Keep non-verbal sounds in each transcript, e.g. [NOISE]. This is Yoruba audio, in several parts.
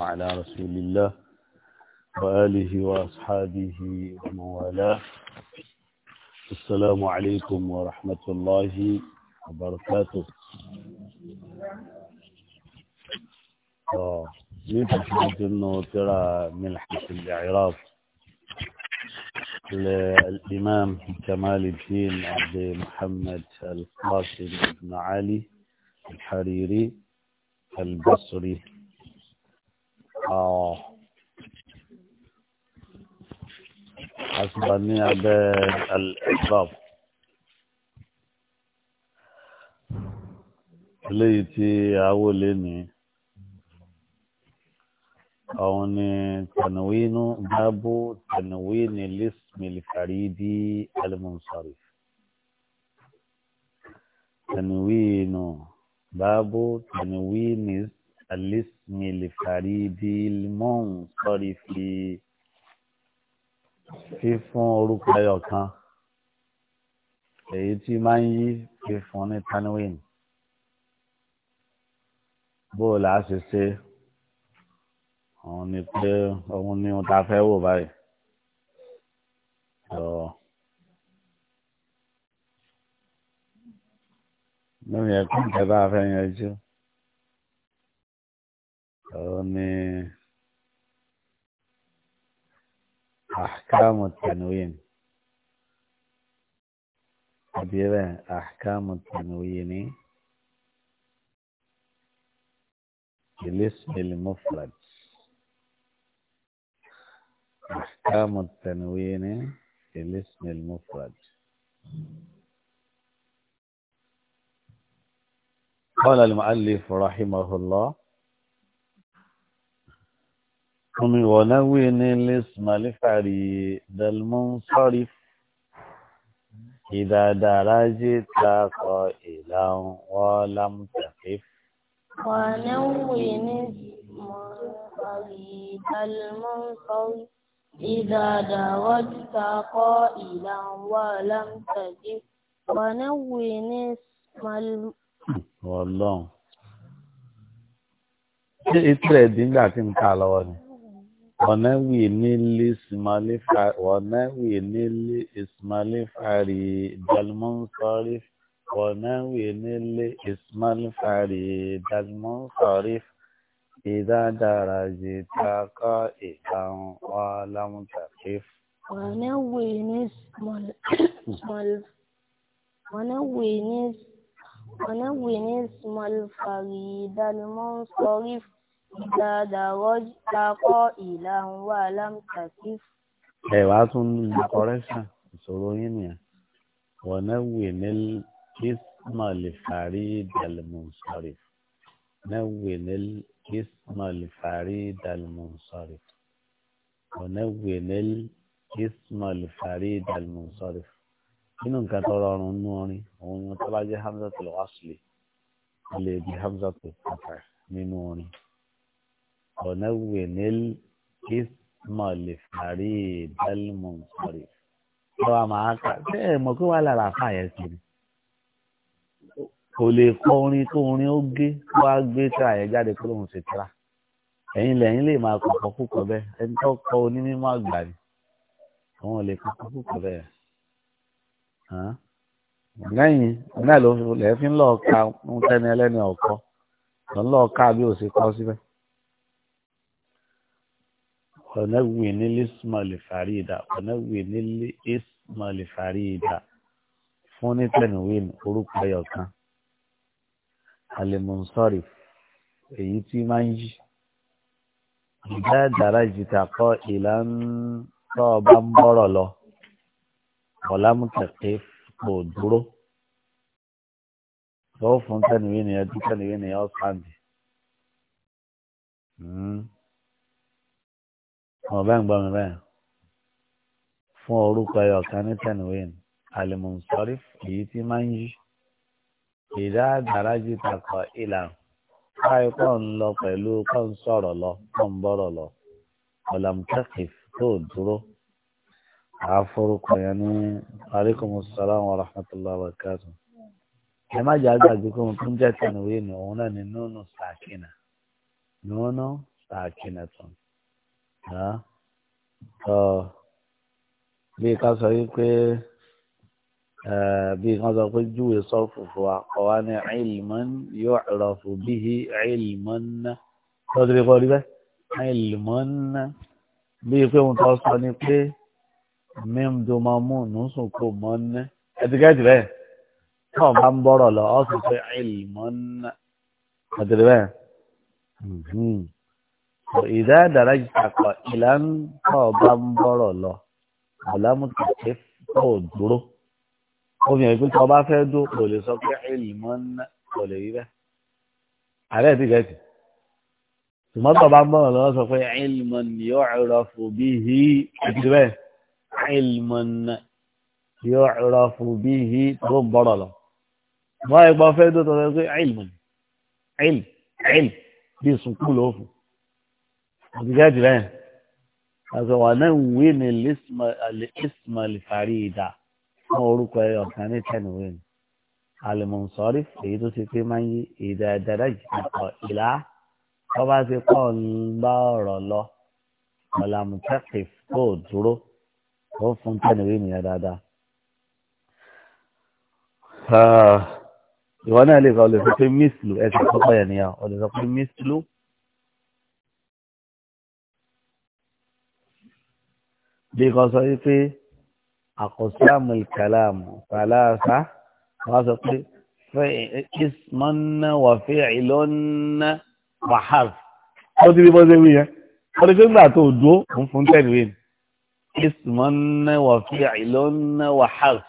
على رسول الله وآله وأصحابه وموالاه السلام عليكم ورحمة الله وبركاته نتحدث أنه ترى ملحة الإعراف للإمام كمال الدين عبد محمد القاسم بن علي الحريري البصري ọ̀ àtìgbà ní abẹ́ al-isbab eléyìí tí awó lé ní àwọn ni tanwinu bábú tanwini lismil faridi al-munsarif tanwinu bábú tanwini lismil الاسم الفريد المنصرف fífún orúkọ ẹyọ kan èyí tí máa ń yí fífún ní tanwin bó o là á ṣe ṣe òun ni pé òun ni òun ta fẹ́ wò báyìí lórí ẹ̀kọ́ ìjọba afẹ́yẹn jù. أغني أحكام التنوين أبيبا أحكام التنوين الاسم المفرد أحكام التنوين الاسم المفرد قال المؤلف رحمه الله كم ونوّن الاسم لفريد المنصرف إذا درجت قائلا ولم تقف ونوّن اسم لفريد المنصرف إذا درجت قائلا ولم تقف ونوّن اسم والله إيه تريدين لكن تعالوا ونوي نيل اسمالي فع... ونوي نيل اسمالي فريد المنصرف ونوي نيل اسمال فريد المنصرف إذا درجت قائدا ولم تقف ونوي اسم اسم ونوي اسم الفريد المنصرف إذا زوجت قائلا ولم تكف ẹ wàá tún ní kọrẹ́ṣàn ìṣòro yín nìyẹn wọn náà wì ní ismailifari dalmunsari náà wì ní ismailifari dalmunsari wọn náà wì ní ismailifari dalmunsari nínú nǹkan tó rọrùn nú orin òun ni wọn tó bá jẹ hamza tó lọ wá sílẹ̀ ilé ibi hamza tó pàtàkì nínú orin. ونون الاسم لفريد المنصرف ọ̀rọ̀ àmàkà bẹ́ẹ̀ mọ̀ pé wàá lára àfa yẹn sí ni kò lè kọ orin tó orin ó gé kó wá gbé tíra yẹn jáde kó lóun ṣe tíra ẹ̀yin lẹ́yìn lè máa kọ̀kọ́ púpọ̀ bẹ́ẹ̀ ẹni tó kọ onímọ̀ àgbà ni àwọn ò lè kọ̀kọ́ púpọ̀ bẹ́ẹ̀ lẹ́yìn náà ló lẹ́ẹ̀ fi ń lọ́ọ́ ka ń tẹ́ni ẹlẹ́ni ọ̀kọ́ lọ́ọ́ ká bí ò sí kọ́ síbẹ̀. ونون الاسم لفريدة ونون الاسم لفريدة فوني تنوين أوروبا يوكان المنصرف ايتي مانجي إذا درجت قائلا طابا برلا ولم تقف قدره لو فون تنوين يدي تنوين يا صاحبي àwọn bá ń gbọ́ mi báyìí fún orúkọ ẹyọ kan ní tẹnuwéèn alimusori èyí tí máa ń yí ìdá garaji takọ ìlà káyọ kọ́ ń lọ pẹ̀lú kọ́ ń sọ̀rọ̀ lọ kọ́ ń bọ̀rọ̀ lọ ọ̀làmùtẹ́kìf tó dúró àforúkọ yẹn ní aleykum salaam wa rahmatulah wa ẹ má jẹ́ àgbàgbé kó mo tún jẹ́ tẹnuwéèn òun náà ní nùnú sàkínà nùnú sàkínà tán ọ bí ká sọ yìí pé bí ká sọ pé júwe sọ́ọ̀fù fún wa kọ́ wa ní ilman yu'rafu bihi ilman ná lọ́dún bí kò rí bẹ́ẹ̀ ilman ná bí pé òun tó sọ ni pé mímdùmọ́mù nùsùn kò mọ́ ná ẹ̀dígẹ́dì bẹ́ẹ̀ tó bá ń bọ̀rọ̀ lọ ọ́ sọ pé ilman ná ẹ̀dígẹ́dì bẹ́ẹ̀. Hmm ìdá ìdára ìtàkọ̀ ìlànà ọba ń bọ̀rọ̀ lọ ọ̀làmùtàkẹ́ kò dúró obìnrin pé tí ọba fẹ́ dó kò lè sọ pé ìlìmọ́ ńlá kò lè rí bẹ́ẹ̀ ààrẹ ti gẹ̀ẹ́sì ṣùgbọ́n tí ọba ń bọ̀rọ̀ lọ́wọ́ sọ pé ìlìmọ́ ni yóò rọ fún hí àti bẹ́ẹ̀ ìlìmọ́ ni yóò rọ fún hí tó ń bọ̀rọ̀ lọ wọ́n ẹgbọ́n fẹ́ dó tó sọ pé ìlìmọ́ ni ìlì ìlì bí sùkúl àbíjáde rẹ̀ àti wà náà wí ní ismail farida fún orúkọ ẹ ọ̀kan ní tẹ̀nuwé ni alimọ̀nsọ́rí èyí tó ti pé máa ń yí èdè àdàdà jìkọ̀ ìlà tó bá ti pọ̀ ń bá ọ̀rọ̀ lọ ọ̀làmùtẹ́kì tó dúró ó fún tẹ̀nuwé nìyẹn dáadáa ah, ìwọ náà lè kọ́ ọ lè sọ pé mísìlù ẹ ti kọ́kọ́ yẹn nìyà ọ lè sọ pé mísìlù. bí kan sọ wípé àkọsíàmù ìkàlàmù fàlàsà wọ́n sọ pé ismanna wà fi ìlọ́nà wàhálà ó ti rí bọ́sẹ̀ wí yẹn wọ́n ti gbégbà tó dúó ń fún tẹ̀lé ni ismanna wà fi ìlọ́nà wàhálà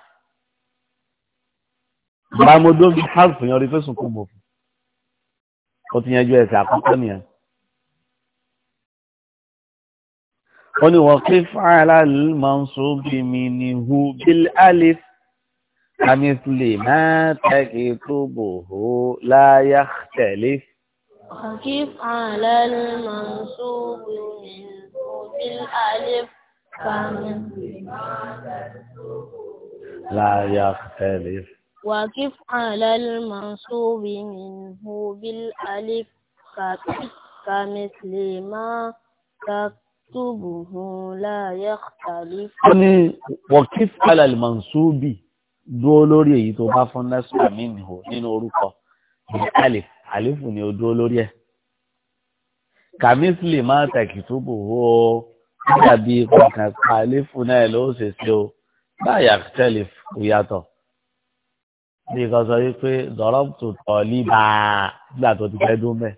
bàmọ́dọ́ bí hálà yẹn rí fẹ́sùn kò mọ̀ fún ó ti yanjú ẹ̀sẹ̀ àkọ́kọ́ nìyẹn. قل وقف على المنصوب منه بالالف كمثل ما تكتبه لا يختلف وقف على المنصوب منه بالالف كمثل ما تكتبه لا يختلف وقف على المنصوب منه بالالف كمثل ما تكتبه maktubuhu la yakhtalifu. ó ní wakif alal mansubi dúró lórí èyí tó bá fún nasra minhu nínú orúkọ alif alifu ni ó dúró lórí ẹ. kàmísìlì máa tàkìtúbù ó dàbí kankan alifu náà ló ṣe ṣe o la yakhtalifu kò yàtọ̀. bí kan sọ wípé dọ̀rọ̀ tó tọ̀ líbà nígbà tó ti fẹ́ dún mẹ́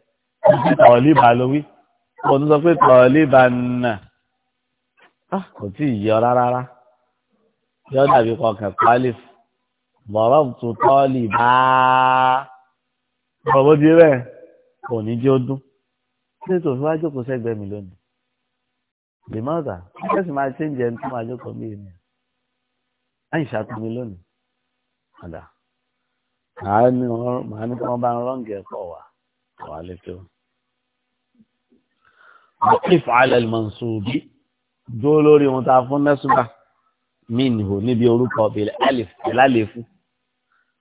tọ̀ líbà ló kò ní sọ pé tọ́líbàánà ah. kò tí ì yọ rárá yọ dàbí kọkàn pálíf bọ̀rọ̀ tó tọ́líbà bọ̀rọ̀ bó di rẹ̀ kò ní jẹ́ ó dún ṣé tòun wá jókòó sẹ́gbẹ̀ẹ́ mi lónìí lèmọ́tà ẹ̀sì máa ṣe ń jẹ ní tó máa jókòó bí èmi ẹ̀yìn ṣàtúnmí lónìí padà màá ní wọn bá ń rọ́ǹgì ẹ̀kọ́ wa wà á àkíf alẹ́lmọ̀nsóbi dúró lórí ohun tá a fún mẹ́sùnà minhu níbi orúkọ bílẹ̀ alif ẹ̀lálefu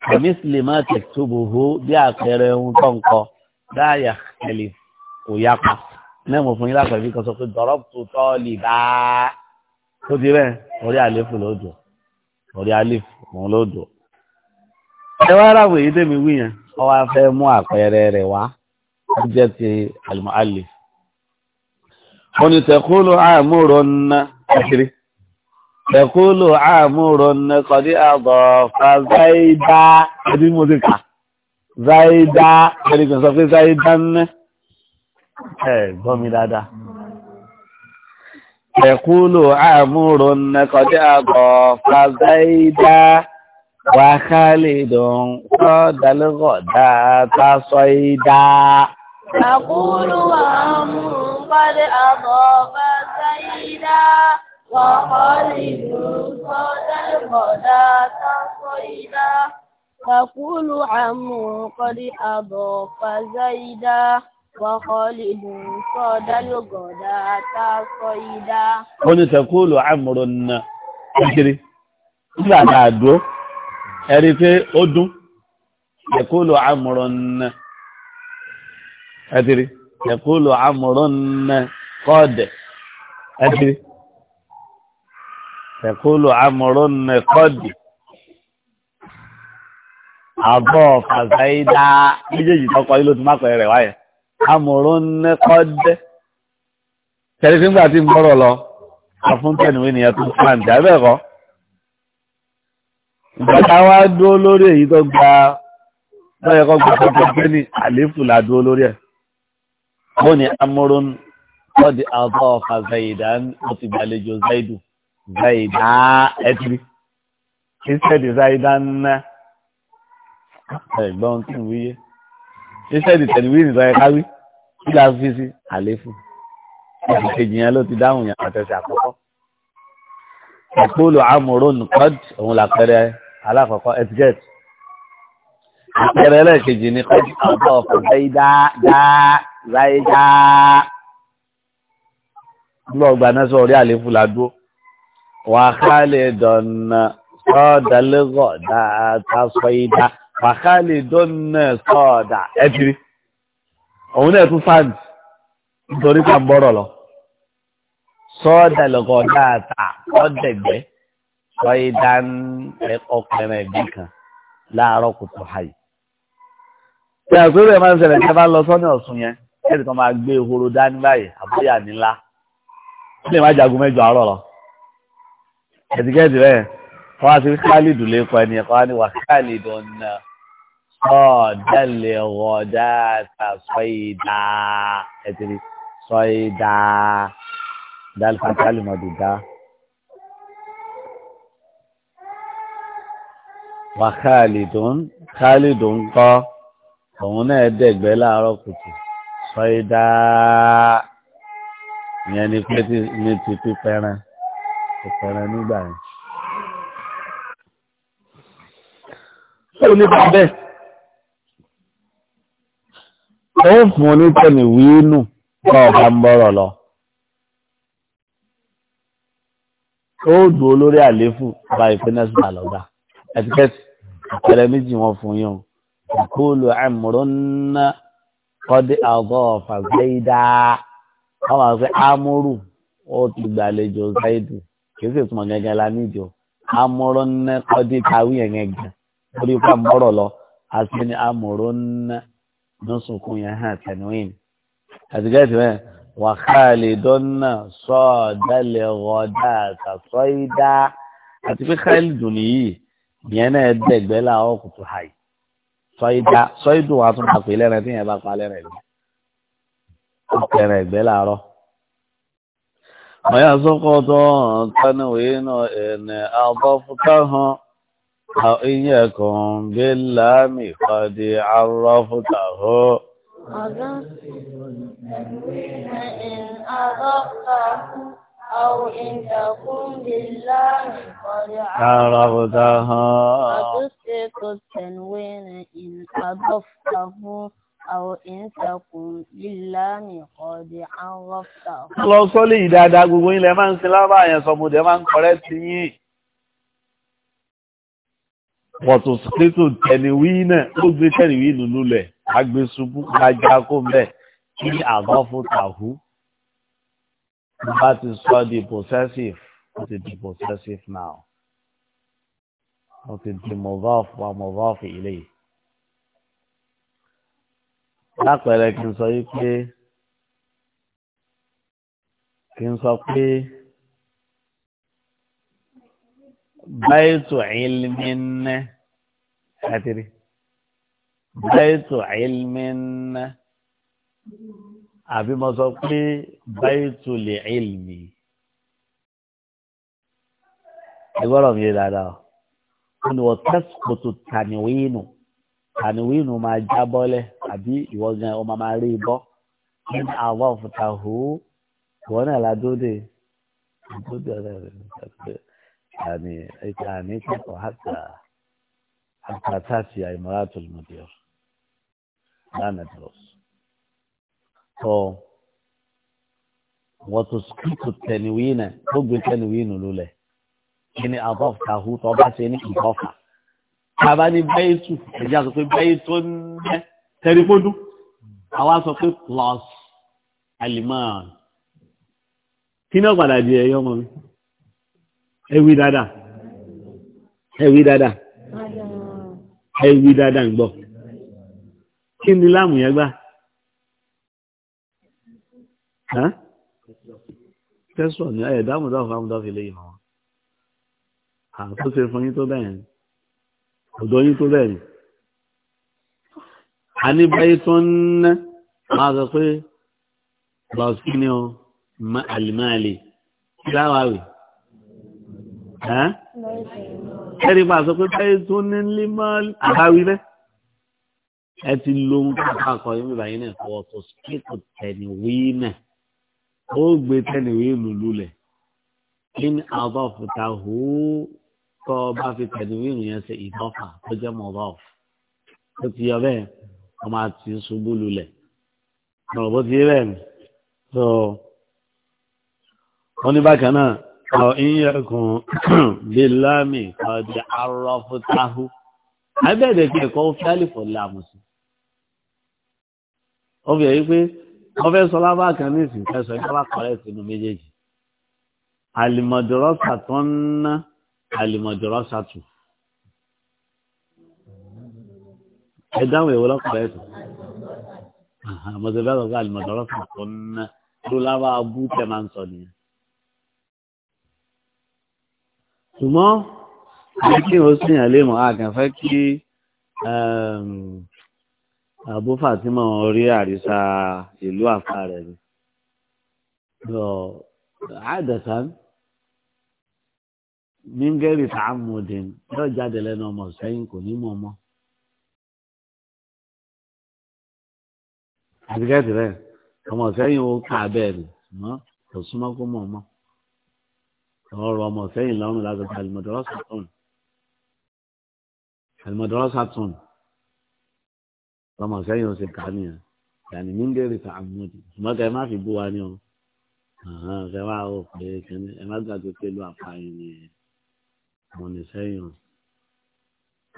kẹ́mísìlì má tẹ̀túbù hó bí àpẹẹrẹ ohun tó ń kọ dáàyà ẹ̀lì kò yapa mẹ́mọ̀ fún yín lápẹ̀bí kan sọ pé dọ̀rọ́pù tọ́ọ̀lì bá tó ti bẹ́ẹ̀ orí àlefu ló dùn orí alif òun ló dùn. ẹ wá ráwọ̀ èyí tẹ̀mí wí yẹn ọ wá fẹ́ mú àpẹẹrẹ rẹ̀ wá ó jẹ́ ti alif wọ́n ni tẹ̀kúlù àmúrò ńnà àkiri tẹ̀kúlù àmúrò ńnà kọ̀dí àbọ̀ fa záìdá ẹbí mo ti kà záìdá ẹni kan sọ pé záìdá ńnà ẹ gbọ́ mi dáadáa tẹ̀kúlù àmúrò ńnà kọ̀dí àbọ̀ fa záìdá wà kálídùn sọ́dálẹ́gọ̀dá tá sọ́ìdá. تقول وهم قد أضاف سيدا وخالد صاد الغدا تصيدا تقول عمرو قد أضاف زيدا وخالد صاد الغدا تصيدا. قل تقول عمرو kékeré nígbà tá a dúró ẹ rí ẹtìrí ẹkúlù amúrúnnẹ kọ́ọ̀dẹ̀ ẹtìrí ẹkúlù amúrúnnẹ kọ́ọ̀dẹ̀ àbọ̀ fàzáídá méjèèjì tọkọ yìí ló ti má pẹ́ rẹ̀ wáyẹ̀ amúrúnnẹ kọ́ọ̀dẹ̀ tẹ̀lé fíngbà tí ń bọ̀rọ̀ lọ afúntẹ̀nìwé nìyẹn tó fún àǹtí abẹ́ẹ̀kọ́ ìgbà táwa dúró lórí èyí tó gba lọ́yẹ̀kọ́ gba tó gbé ní àléfù là dúró lórí ẹ̀ wọ́n ní amúrún wọ́n di àbọ̀ ọ̀fà zayida wọ́n ti gbàlejò zaidu zayida ẹtìrì iṣẹ́ di zayida ńlá ẹ̀gbọ́n tí ń wíyé iṣẹ́ di tẹ̀lifíìnì sọ̀rọ̀ káwí kí la fi sí àléfù ẹ̀sìn kejì yẹn ló ti dáhùn yẹn àtẹ̀sẹ̀ àkọ́kọ́ ìpolò amúrún kọ́d òun làpẹrẹ alákọ̀ọ́kọ́ ẹtìkẹ́tì àpẹrẹ ẹlẹ́ẹ̀kejì ni kọ́d àbọ̀ ọ̀fà zayida dáa záyéjá lọ́gbà náà sọ orí àléfù ládúó wàhálì dọ̀nà sọ́ọ̀dà lẹ́gọ̀ dáadáa sọ ìdá wàhálì dọ̀nà sọ́ọ̀dà ẹ̀tìrí òun náà tún fáàdì nítorí pa ń bọ́rọ̀ lọ sọ́ọ̀dà lẹ́gọ̀ dáadáa ọ̀dẹ̀gbẹ́ sọ ìdá ọkùnrin ẹ̀gbẹ́ kan láàárọ̀ kùtù hàì. ìyàgbé rẹ̀ máa ń ṣẹlẹ̀ tí a lọ sọ́ni ọ̀sùn yẹn ẹnì kan máa gbé ehoro dání báyìí àbúyà nílá ó lè má jagun mẹ́jọ àárọ̀ lọ ẹ̀dígẹ́dì bẹ́ẹ̀ kọ́ wá sí kálídù lẹ́kọ̀ọ́ ẹni ẹ̀kọ́ wá ní wà kálídù ọ̀nà ọ̀dẹ́lẹ̀ ọ̀dà sọ̀ìdà ẹ̀dìrí sọ̀ìdà dálífà kálímọ̀dì dá. wà kálídù kálídù ńkọ́ òun náà dẹ̀gbẹ́ láàárọ̀ kùtù sọ́ídá ìyẹn ni pé ní ti pípẹ́ràn pípẹ́ràn nígbà yẹn. ó ní bàbẹ́ ó fún onítẹ̀mí wíínù kọ́ ọ̀gá ń bọ́rọ̀ lọ. ó dùn olórí àléfù bá ìpínlẹ̀ sùn àlọ́gbà ẹ̀tíkẹ́tì àpẹẹrẹ méjì wọn fún yín o. ìkólù àmúrún náà kọ́dé àgọ́ ọ̀fà gbẹ́yìdá àwọn àgbẹ̀ amúrù ó ti gbàlejò zaidu kìí sì túmọ̀ gẹ́gẹ́ la níjọ amúrù ńnẹ́ kọ́dé kàwé yẹn gẹ́gẹ́ torí pa mọ́rọ̀ lọ àti ní amúrù ńnẹ́ nọ́sùnkún yẹn hàn tẹ̀nuwìn àtìgẹ́tì bẹ́ẹ̀ wàhálì dọ́nà sọ́ọ̀dálẹ̀ rọ́dà àtàsọ́ìdá àti pé káyìlì dùn nìyí ìyẹn náà dẹ̀gbẹ́ làwọn kùtù hàì sọ́ìdá sọ́ìdù wa tún máa pè lẹ́rìn tí yẹn bá pa lẹ́rìn ẹ̀gbẹ́ lẹ́rìn ẹ̀gbẹ́ làárọ̀. Mọ̀yá sọ́kọ̀tọ̀ tánúwé náà ẹ̀nẹ̀ àbọ̀fúkà hàn àìyẹ kan bí láàmì pàdé àrọ́fúkà hó. Ọ̀dọ́ sí ẹ̀ àbọ̀fúkà hàn. أو إن تقوم بالله قد عرفتها وتسقط التنوين إن أضفته أو إن تقوم بالله قد عرفته. lọ sọ́lé ìdáadáa gbogbo yín lẹ máa ń sin lábà yẹn sọ mo dẹ̀ máa ń kọ́rẹ́ sí yín. wọ̀tùsítò tẹ̀líwìn náà ó gbé tẹ̀líwìn lulẹ̀ agbésùnmù gbajá kó mbẹ́ kí àgọ́ fún tàhú bá ti sọ di possessive ó ti di possessive now ó ti di mudaf wa mudaf ilayhi. lápẹẹrẹ kí n sọ yìí pé kí n sọ pé báyìtù ìlmínà àtìrí báyìtù ìlmínà àbí mo sọ pé baitul ilmi ẹgbọ́rọ̀ mi dáadáa wọn wọ tẹ́sìkòtò tàníwínù tàníwínù máa jábọ́lẹ̀ àbí ìwọ́gàn ọmọ máa rí bọ́ ní àwọn òfútàhù wọn náà ládóde ládóde ọ̀rẹ́ rẹ̀ nígbàgbé àní ẹ̀ka kẹ́kọ̀ọ́ hàtà hàtà tààtì àìmọ́ra tó lùmọ̀dé ọ̀ lánàá tọ́ wọ́n tún sùkúùtù tẹ̀níwìnà tó gbé tẹ̀níwìnà lulẹ̀ kí ni àbọ̀fà hu tó bá ṣe ní ìbọ̀fà tàbá ní bẹ́ẹ̀ tù ẹ̀jẹ̀ àti pé bẹ́ẹ̀ tó ń bẹ́ tẹ̀rífódù àwa sọ pé plus alimán kí ni di ẹ̀yọ́ ọmọ mi ẹ̀wí dáadáa ẹ̀wí dáadáa ẹ̀wí dáadáa ń gbọ́ kí ni yẹn gbà tẹ́sọ̀ ni ẹ̀ dáhùn dáhùn fáwọn dáhùn ilé ìmọ̀ wọn àtúnṣe fún yín tó bẹ́ẹ̀ ni ọ̀dọ́ yín tó bẹ́ẹ̀ ni a ní báyìí tó ń ná máa sọ pé bọ̀sùn ni ọ àlìmáàlì kí láwàáwì ẹ̀rí máa sọ pé báyìí tó ní lé máa àbáwí bẹ́ẹ̀ ẹ ti lo ohun tó àkọ́ yín bíbá yín náà fọwọ́ tó kí kò tẹ̀ ní wí náà ó gbé tẹnìwé lùlù lẹ̀ in àbọ̀fùtà hù tó bá fi tẹnìwé yẹn ṣe ìtọ́fà tó jẹ́ mọ̀bọ́f ó ti yọ bẹ́ẹ̀ wọ́n máa ti ṣubú lulẹ̀ ọ̀rọ̀ bó ti yé bẹ́ẹ̀ ni so wọ́n ní bákan náà ọ̀ ìyẹ̀kùn bíi lámì ọ̀dì arọ́fùtà àbẹ̀dẹ̀ kí ẹ̀kọ́ fíálì fọ̀ láàmùsùn ó fi pé wọ́n fẹ́ sọ lábá kan ní ìsìn kẹsàn yìí wọ́n kọ́rẹ́ sínú méjèèjì àlìmọ̀dọ́rọ́sà tó ń ná àlìmọ̀dọ́rọ́sà tù ẹ dáhùn èwo lọ́kọ̀ọ́rẹ́ sùn àmọ̀tẹ́fẹ́ sọ̀kọ́ àlìmọ̀dọ́rọ́sà tó ń ná ló lábá abú tẹ̀ máa ń sọ nìyẹn. ṣùgbọ́n àyíkí ó sì yàn àkànfẹ́ kí àbú fatima orí àrísà ìlú àfa rẹ ni àdàtàn mingeri tààmùdìn yóò jáde lẹ́nu ọmọ sẹ́yìn kò ní mọ ọmọ. àdìgẹ́tì rẹ ọmọ sẹ́yìn ó kà bẹ́ẹ̀ ni ṣùgbọ́n kò súnmọ́ kó mọ ọmọ ọ̀rọ̀ ọmọ sẹ́yìn lọ́rùn lágbègbè àlùmọdọrọ sàtún àlùmọdọrọ ọmọ sẹ́yìn ọ̀sẹ̀ kàmíyàn yàní mí ń dèrè sàmúdì ṣùgbọ́n kẹ́ ẹ má fi bú wa ní o ṣe wá o pé kẹ́ni ẹ má gbàgbé pé ló àpáyín ni mo ní sẹ́yìn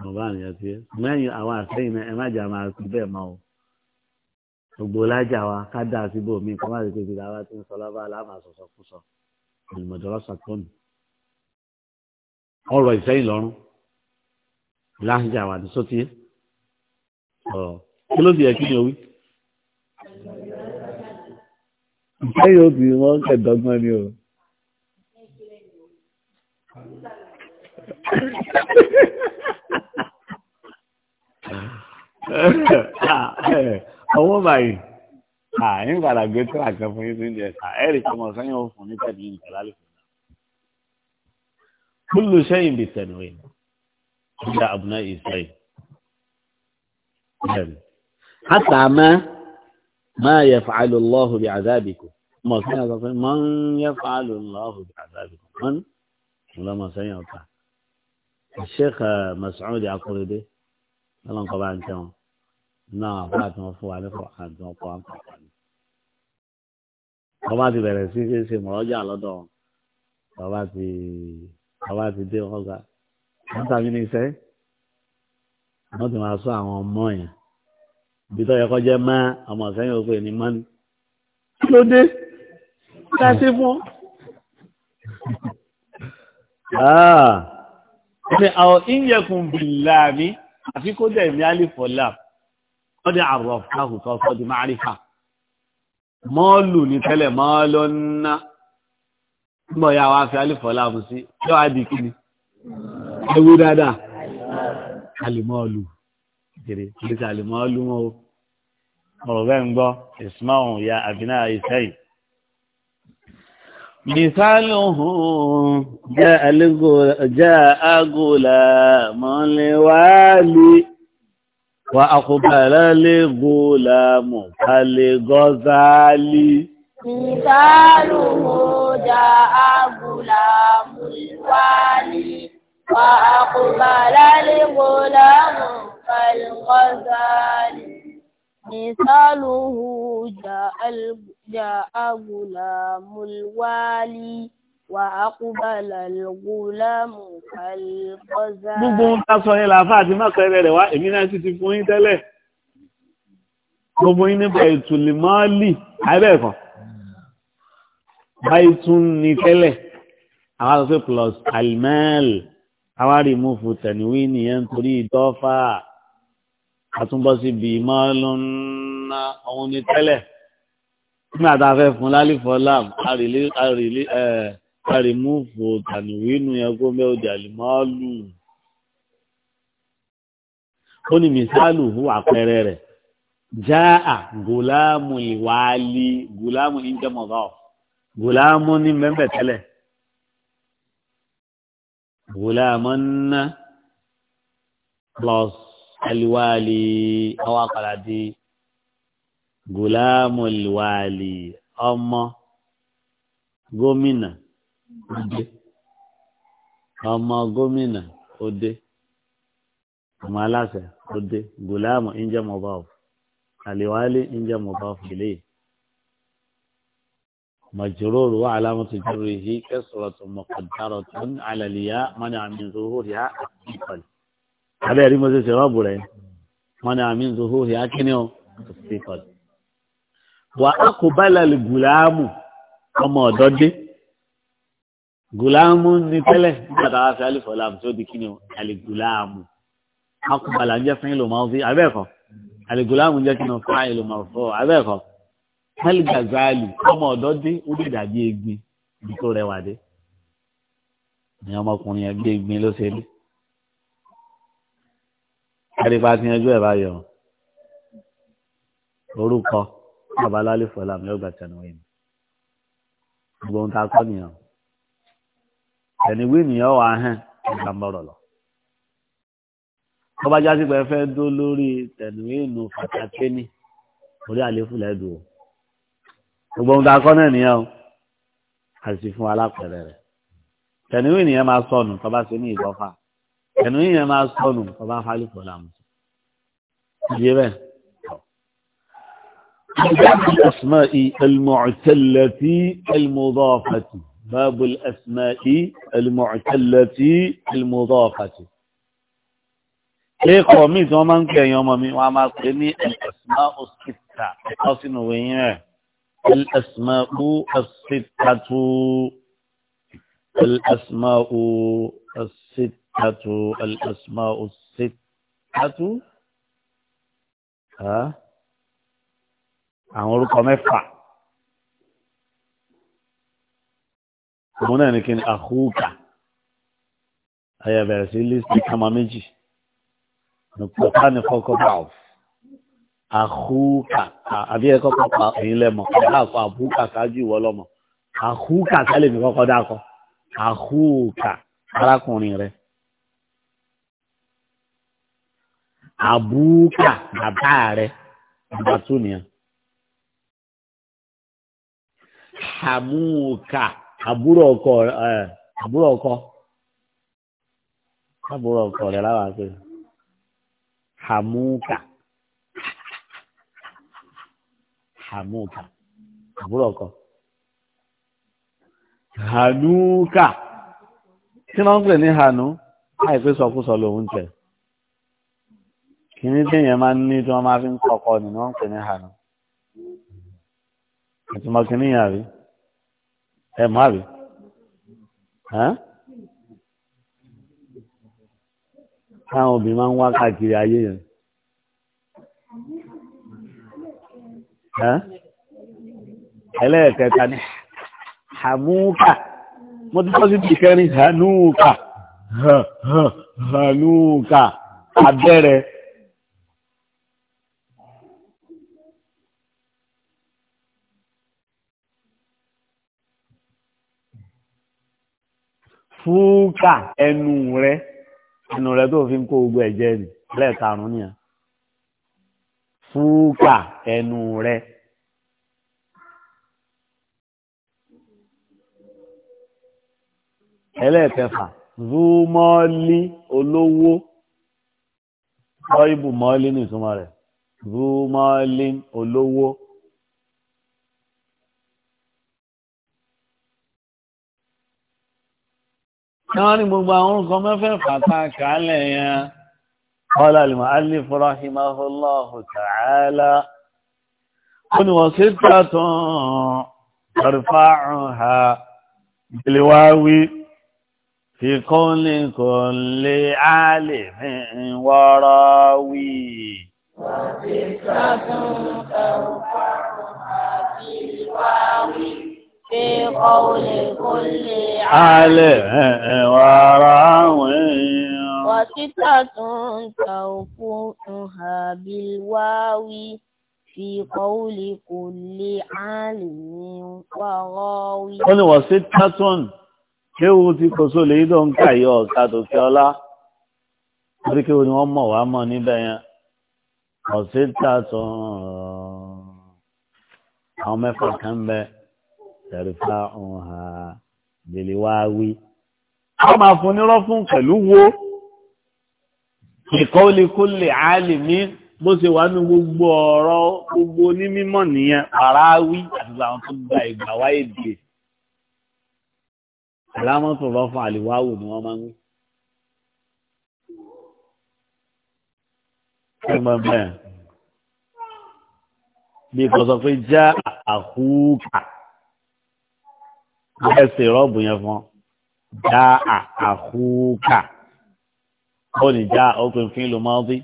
mo bá nìyẹn ti yẹ mẹ́yìn àwọn àsẹ́yìn náà ẹ má jà máa fi bẹ́ẹ̀ mọ́ o gbogbo lájà wa ká dà síbò mí kọ́ má lè tètè dáwà tí ń sọ lábá aláàmà sọ̀sọ̀ kú sọ ìmọ̀jọ́rọ̀ sàkónù ọ̀rọ̀ ìsẹ́yìn lọ́rùn lájà wa ní sótìyẹ́ kí ló sì yẹ kí ni o wí. ìfẹ́ yóò bí wọ́n kẹ̀dọ́gbọ́n ni o. [LAUGHS] ọwọ́ báyìí àyìn padà gbé tíra kan fún yín sí ní ẹ̀ka ẹ̀rì kan mọ̀ sẹ́yìn ó fún ní tẹ̀lé ní ìkàlá lè fún un. kúlù sẹ́yìn bí tẹ̀lé ìdá àbúná ìsẹ́yìn. حتى ما ما يفعل الله بعذابكم ما سنة من يفعل الله بعذابكم من ولا ما سنة الشيخ مسعود يقول دي الله انقبع انتهم náà bá tí wọn fún wa ní kọkàn tí wọn kọ à ń kọkàn ní. bàbá ti bẹ̀rẹ̀ sí ṣe ṣe mọ̀rọ́jà lọ́dọ̀ wọn bàbá ti bàbá ti dé wọn gba wọn tàbí ní iṣẹ́ wọ́n ti máa sọ àwọn ọmọ yẹn ibi tó yẹ kọ́ jẹ́ má ọmọ sẹ́yìn òkú ẹni mọ́ni kí ló dé ká sí fún ọ̀nà ah. àwọn ìyẹ̀kùn bìláàmí àfi kó dẹ̀ ní alifọ̀lá wọ́n dẹ̀ àrọ̀ fáhùn tó sọ́ di márífà mọ́ọ̀lù ní tẹ́lẹ̀ mọ́ọ̀lù ńná gbọ́ ya wá fi alifọ̀lá fún sí yóò á di kíni ewu dáadáa alimọ́ọ̀lù kiri kiri ti alimọ́ọ̀lù wọn o ọ̀rọ̀ bẹ́ẹ̀ ń gbọ́ ismail ya abina isa'i misaluhun jẹ́ agula mọ́lẹ́wàálì wa akọ̀bàrá lè gúlà mọ̀ kalẹ̀ gọ́záálì misaluhun jẹ́ agula mọ́lẹ́wàálì وأقبل الغلام كالغزال مثاله جاء جاء غلام الوالي وأقبل الغلام كالغزال gbogbo ń ta sọ yẹn làáfà àti mákàrẹ rẹ̀ wá èmi náà sì ti fún yín tẹ́lẹ̀ gbogbo yín nípa ìtùlímọ́ọ́lì àìbẹ̀ẹ̀kọ́ báyìí tún ní tẹ́lẹ̀ àwọn àti pé plus almel àwọn àrìmúfù tẹ̀níwí nìyẹn nítorí ìdọ́fà àtúnbọ́sí bíi máa ló ń ná òun ní tẹ́lẹ̀ nígbà tá a fẹ́ fún lálífọ́ lam àrìmúfù tẹ̀níwí nù yẹn gómẹ́ òdì àlìmọ́ọ́lù ó ní mísàlù hu àpẹẹrẹ rẹ̀ jáà gùlámù ìwáálí gùlámù ìjẹmọ̀gá gùlámù ní mẹ́mbẹ̀ gulamanna plus aliwali ọwọ́ akọ̀lá di gulamulwali ọmọ gómìnà òde ọmọ gómìnà òde ọmọ aláṣẹ òde gulamu injẹ mọbáwò aliwali injẹ mọbáwò fìlẹ́yìí. مجرور وعلامة جره كسرة مقدرة على الياء منع من ظهورها الثقل هذا يعني مزيد رابو لي منع من ظهورها كنيو الثقل وأقبل الغلام ọmọ ọ̀dọ́ dé gùláàmù ní tẹ́lẹ̀ nígbà tá a fi alif ọ̀làm tó di kíni o àlìgùláàmù akùbalà ń jẹ́ fún ìlú màá fi abẹ́ẹ̀kọ́ àlìgùláàmù jẹ́ kíni o fún ìlú màá fọ́ abẹ́ẹ̀kọ́ algazali ọmọ ọ̀dọ́ dé ó lè dàbí egbin ibi tó rẹwà dé ní ọmọkùnrin yẹn bí egbin ló ṣe rí àdìpá ti yanjú ẹ̀ báyọ̀ orúkọ babaláli fọlá mi ọgbà tẹnuwé mi gbogbo ohun tá a kọ́ nìyẹn tẹnuwé nìyẹn wà hàn ìgbà mọ́rọ̀ lọ tó bá pé ẹ fẹ́ dó lórí tẹnuwé nù fàtàkéni orí àléfù lẹ́dùn o gbogbo ohun tá a kọ́ náà nìyẹn o àti fún alápẹ̀rẹ̀ rẹ̀ tẹ̀nuwí nìyẹn máa sọnù tó bá ṣe ní ìgbọ́fà tẹ̀nuwí nìyẹn máa sọnù tó bá fálùkù làmù ìdí bẹ́ẹ̀. باب الأسماء المعتلة المضافة باب الأسماء المعتلة المضافة kíkọ mi tí wọ́n máa ń pè ẹ̀yàn ọmọ mi wọ́n á máa pè ní ẹ̀sìn náà ó ẹ̀kọ́ sínú ìwé yín rẹ̀. الأسماء الستة الأسماء الستة الأسماء الستة ها àwọn orúkọ mẹ́fà òun náà ní kí ni àhúkà ayẹ̀bẹ̀rẹ̀ sí lísì kama méjì nùpọ̀ká ní fọ́kọ́ báwọ̀ àhúkà àbí ẹ̀kọ́ pàpà ẹ̀yìn lẹ́mọ̀ dáàkọ́ àbúkà ṣáájú ìwọ lọ́mọ àhúkà sálẹ̀ mi kọ́kọ́ dáàkọ́ àhúkà arákùnrin rẹ̀ àbúkà bàbá rẹ̀ bàbá tó nìyẹn àmúkà àbúrò ọkọ ẹ àbúrò ọkọ àbúrò ọkọ rẹ̀ láwọn àti àmúkà. Hanuka, àbúrò ọkọ hanuka kí wọ́n ń pè ní hanu àìpé sọkúsọ lòun tẹ̀ kìíní tí èèyàn máa ń ní tí wọ́n máa fi ń kọ́kọ́ ni wọ́n ń pè ní hanu ìtumọ̀ kìíní yẹn àrí ẹ̀ mọ́ àrí táwọn obìnrin máa ń wá káàkiri ayé yẹn ẹlẹ́ẹ̀kẹta ni hanuka mo ti tọ́ sí ti kẹrin hanuka hanuka abẹ́rẹ́ fúkà ẹnu rẹ ẹnu rẹ tó fi ń kó gbogbo ẹ̀jẹ̀ ni lẹ́ẹ̀karùn-ún nìyẹn fúkà ẹnu rẹ. ẹlẹ́ẹ̀kẹfà zumọ́lí olówó ọ́ìbù mọ́lí ní ìsúnmọ́ rẹ̀ zumọ́lí olówó. náà ni gbogbo àwọn nǹkan mẹ́fẹ̀ẹ̀fà tá a kà á lẹ̀ yẹn. قال المؤلف رحمه الله تعالى كن وستة ترفعها بالواو في قول كل عالم وراوي وستة ترفعها بالواو في قول كل عالم وراوي وستة توقفها بالواو في قول كل عالم وراوي. قل وستة kéwù ti kòsó lè yí tó ń kà yọ ọ̀ka tòkè ọlá orí kéwù ni wọ́n mọ̀ wá mọ̀ níbẹ̀ yẹn ọ̀sẹ̀ tà tún àwọn mẹ́fà kan bẹ tẹ̀rífà ọ̀hún délé wá wí. wọ́n máa fún nírọ́ fún pẹ̀lú wo ìkọ́lé kólé àálìmí bó ṣe wà ní gbogbo ọ̀rọ̀ gbogbo onímọ̀ nìyẹn àráwí àti àwọn tó gba ìgbà wáyé dìé àlámọ́tò lọ fún àlìwáwò ni wọ́n máa ń wí. ẹgbẹ́ bí kò pé já àhúkà bẹ́ẹ̀ ṣe rọ́ọ̀bù yẹn fún já àhúkà bọ́ọ̀lì já ọkùnrin fún ìlú mọ́bí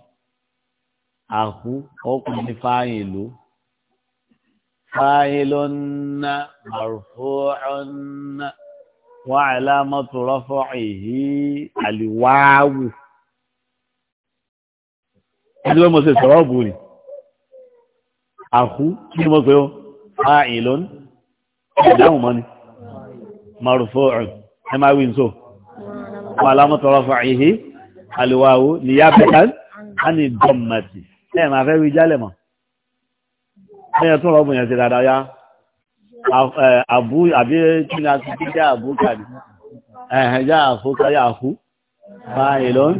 àhú ọkùnrin ní fáyìn ìlú fáyìn ló ń ná àrùfó ń ná wọ́n àìlámọ́tò rọ́fọ́ èyí àlìwáwù. ẹni wọ́n mo ṣe sọ̀rọ̀ ọ̀bù ni àhú kí ni mo pe ó fáyìn ló ń ìdáhùn mọ́ ni màrùfó ẹ máa wí nso wọ́n àìlámọ́tò rọ́fọ́ èyí àlùwàwò nìyá bẹ̀tán á ní dọ̀mọ̀tì ẹ̀ máa fẹ́ wí jálẹ̀ mọ́ ẹ̀yẹ tún rọ́bùn yẹn ti dáadáa yá àbú àbí kí ni a ti fi jẹ́ àbú kàdí ẹ̀hẹ̀n jẹ́ àfókà yà hú fáìlón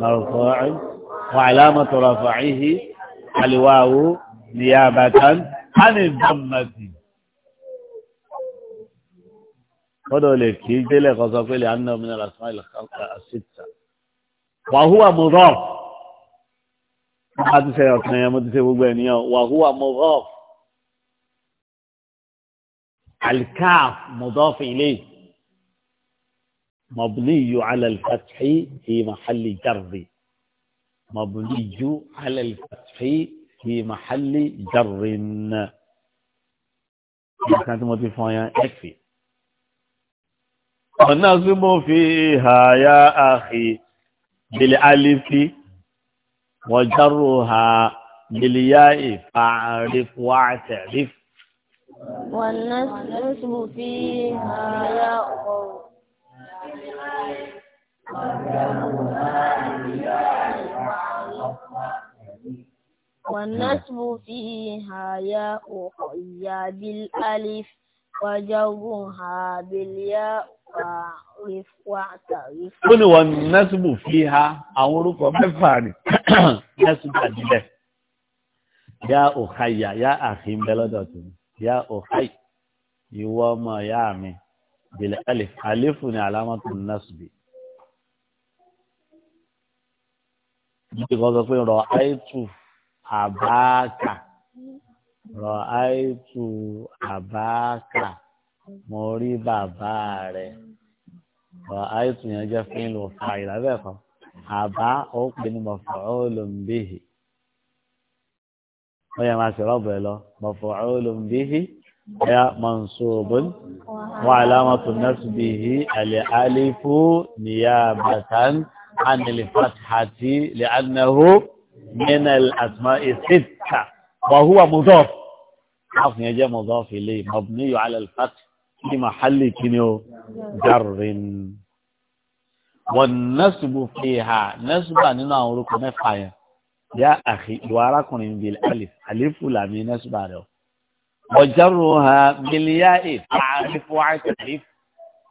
lọ́rọ̀fọ́ wà lámọ̀tọ̀rọ̀ fàáhí àlìwáwó ní àbátán á ní dọ́mọ̀tì gbọ́dọ̀ lè kí gbélẹ̀ kọ́ pé lè á ń nà mí náà lásán ìlàkàkà àṣìta وهو مضاف حد سيركنا يا مدد سيبقيني وهو مضاف الكاف مضاف إليه مبني على الفتح في محل جر مبني على الفتح في محل جر كانت مضيفة مضيفايا يكفي ونظم فيها يا أخي بالالف وجرها بالياء فاعرف واعترف والنسب فيها ياء والنسب فيها ياء أخي بالألف وجرها بالياء ó ní wọn nẹ́sùbù fi ha àwọn orúkọ mẹ́fà ni [CLEARS THROAT] nẹ́sùbù àdílẹ̀ yá òhàyà yá àhìm bẹ́lọ́dọ̀ tó yá òhàyà ìwọ ọmọ yá mi bìlẹ̀ alif alifu ni alámọ́tò nẹ́sùbù bí kò sọ pé rọ àìtù àbáàkà rọ àìtù àbáàkà mo rí bàbá rẹ̀ àìsù yẹn jẹ́ fún ìlú fàìlà bẹ́ẹ̀ kan àbá ó pè ní maf'ulun bihi ó yẹ máa ṣèrọ́bù ẹ lọ maf'ulun bihi ya mansubun wa alamatu nasbihi al-alifu niyabatan عن الفتحة لأنه من الأسماء الستة وهو مضاف عفوا يا مضاف إليه مبني على الفتح في محل كنيو جر والنسب فيها نسبة نينو أوروكو مفايا يا أخي وراكم بالألف ألف لا من نسبة له وجرها بالياء تعرف وتعرف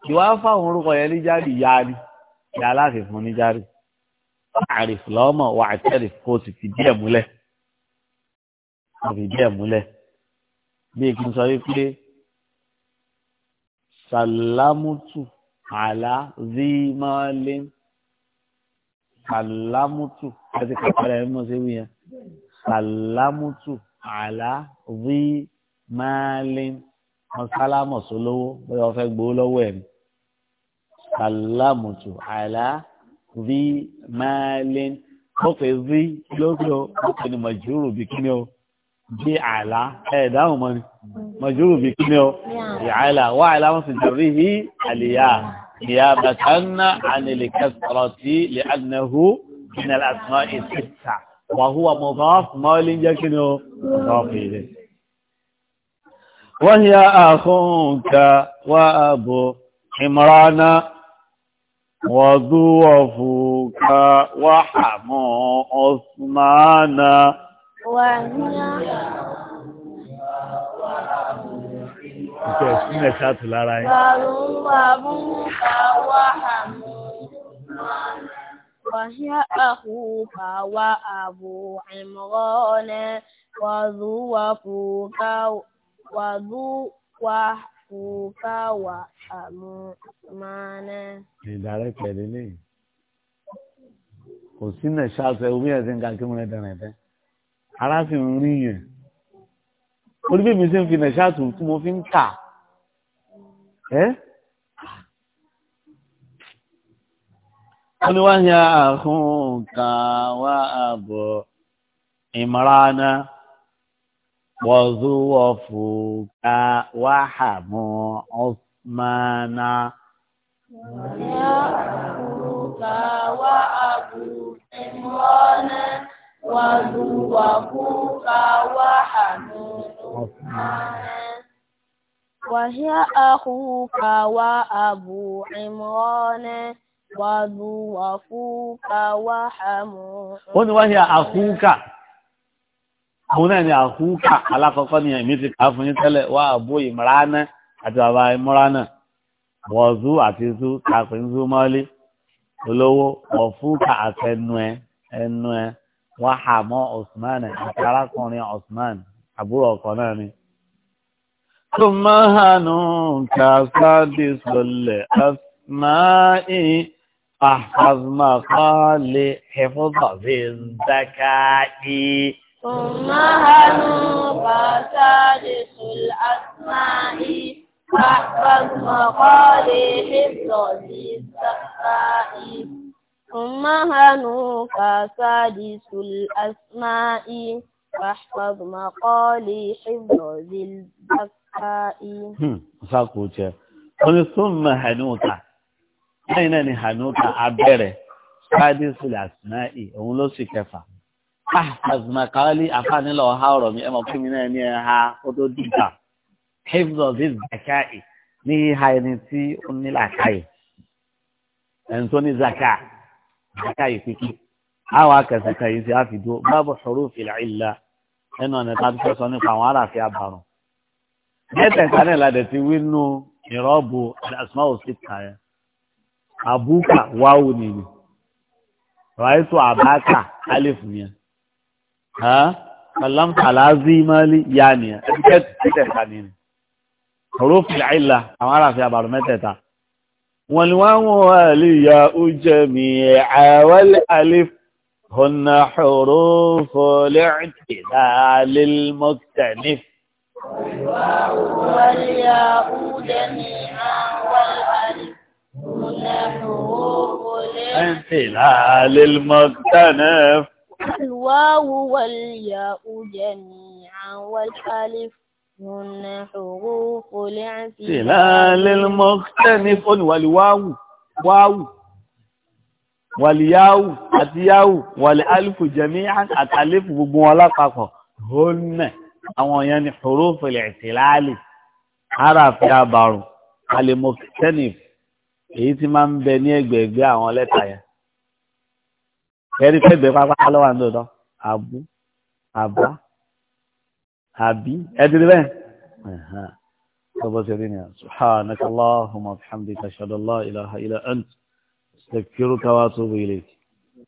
يوافا أوروكو يلي جاري يعني يا لاخي فوني جاري تعرف لما واعترف قوس في دي مله في دي مله بيك نصاري فيه sàlámùtù àlá zimale sàlámùtù àti kàkàrà ẹ̀ mọ̀ sí wí yẹn sàlámùtù àlá zimale wọn sálámọ̀ sólówó bóyá wọn fẹ́ gbowó lọ́wọ́ ẹ̀ sàlámùtù àlá zimale ó pè zi lókè ó pè ní màjúrù bí kíni o bí àlá ẹ̀ẹ̀dáhùn mọ́ ni mọ̀júrù bí kí ni ó ìhàlá wà aláwọ̀ sì jẹ̀rí hí àlìyá ìyá bàtánná ànìlè kẹsọ̀rọ̀ tí lè àdínàhù من الأسماء الستة وهو مضاف ما لنجكنه مضاف إليه وهي أخوك وأبو عمران وضوفك وحمو عثمان Ìjẹ́ ìsúnlẹ̀ ṣáàtù lára yín. Bàrúwà mú bàwà àmú. Wàhíà àhú bàwà àbò ìmọ̀rọ̀lẹ̀. Wàdúwà fúkà wàdúwà fúkà wà àmú mánẹ. Ìdárẹ́ pẹ̀lú lè. Kò sí nẹ̀ ṣáàtù ẹ̀ omi ẹ̀ ti ń ka kí mo lè dẹ̀rẹ̀ dẹ́ ara sì ń rí yẹn orí bí mi ṣe ń fi nàìṣáàtù tí mo fi ń kà ẹ́ wọ́n ni wọ́n ya àhún àbọ̀ ìmọ̀ránà wọ́zúwọ́fù ká wá ọ̀sùnmánà. wọ́n ya àhún àbọ̀ ìmọ̀ránà. وذوقوك وحنون وهي أخوك وأبو عمران وذوقوك وحمون وهي أخوك àwọn náà ni àhúkà alákọ̀ọ́kọ́ ni èmi ti kà á fún yín tẹ́lẹ̀ wá àbú ìmọ̀ránà àti bàbá ìmọ̀ránà wọ̀zú àti zú kàpín zú mọ́lé olówó ọ̀fúkà àtẹnu ẹ ẹnu ẹ wọ́n hà mọ́ Osman àti arákùnrin Osman àbúrò ọkọ náà ni. tó máa hànú kàṣáàdì sọlẹ̀ asmáì àhàzmàfàlì ẹ̀fọ́bàbí zakai. tó máa hànú kàṣáàdì sọlẹ̀ asmáì àhàzmàfàlì ẹ̀fọ́bàbí zakai. أمهنوك سادس الأسماء واحفظ مقالي حفظ ذي البكاء ساقوتي قل ثم هنوك أين ni hanuka abẹ́rẹ́ sádìsì làsìmáì òun ló sì kẹfà àzùmàkálí àfàànílọ ọha ọ̀rọ̀ mi ẹmọ fún mi náà ní ẹha ó tó dìgbà hifz of his zakai ní ìhà ẹni tí ó ní làkàyè ẹni tó ní zakai àkáyè pípé àwọn akẹsẹkẹ yìí ti àfi dúró báàbò sọ̀rọ̀ òfìlà ìlà ẹnu ọ̀nà tá a ti fẹ́ sọ nípa àwọn aráàfin àbàrùn mẹ́tẹ̀ẹ̀ta náà ládẹ̀ ti wí nù ìrọ́bù asmáwò sí kàyà àbúkà wáwò nìyí ràìtò àbákà alif nìyẹn kàlám kàlází máàlì yá nìyẹn ẹ̀díkẹ́tì mẹ́tẹ̀ẹ̀ta nìyẹn sọ̀rọ̀ òfìlà ìlà àwọn aráàfin àbàrùn mẹ́tẹ̀ẹ̀ta. والواو والياء جميعا والألف هن حروف الاعتدال المكتنف والواو والياء جميعا والألف هن حروف الاعتدال المكتنف الواو والياء جميعا والألف هن حروف الاعتلال المختلف والواو واو wàlìyáwù àti yáwù wàlì alifu jẹ̀mí àti alifu gbogbo wọn lápapọ̀ hónà àwọn yẹn ni huruful i'tilali harafi àbàrùn alimokitenif èyí tí máa ń bẹ ní ẹgbẹ̀ẹ̀gbẹ́ àwọn lẹ́tà yẹn kẹrí pẹ́ẹ́bẹ́ pápá lọ́wọ́ àdúrà àbú àbá àbí ẹ̀dìrí bẹ́ẹ̀ ọbọ̀sẹ̀ rí ni subhanakallahumma wa bihamdika ashhadu an la ilaha illa anta astaghfiruka wa atubu ilayk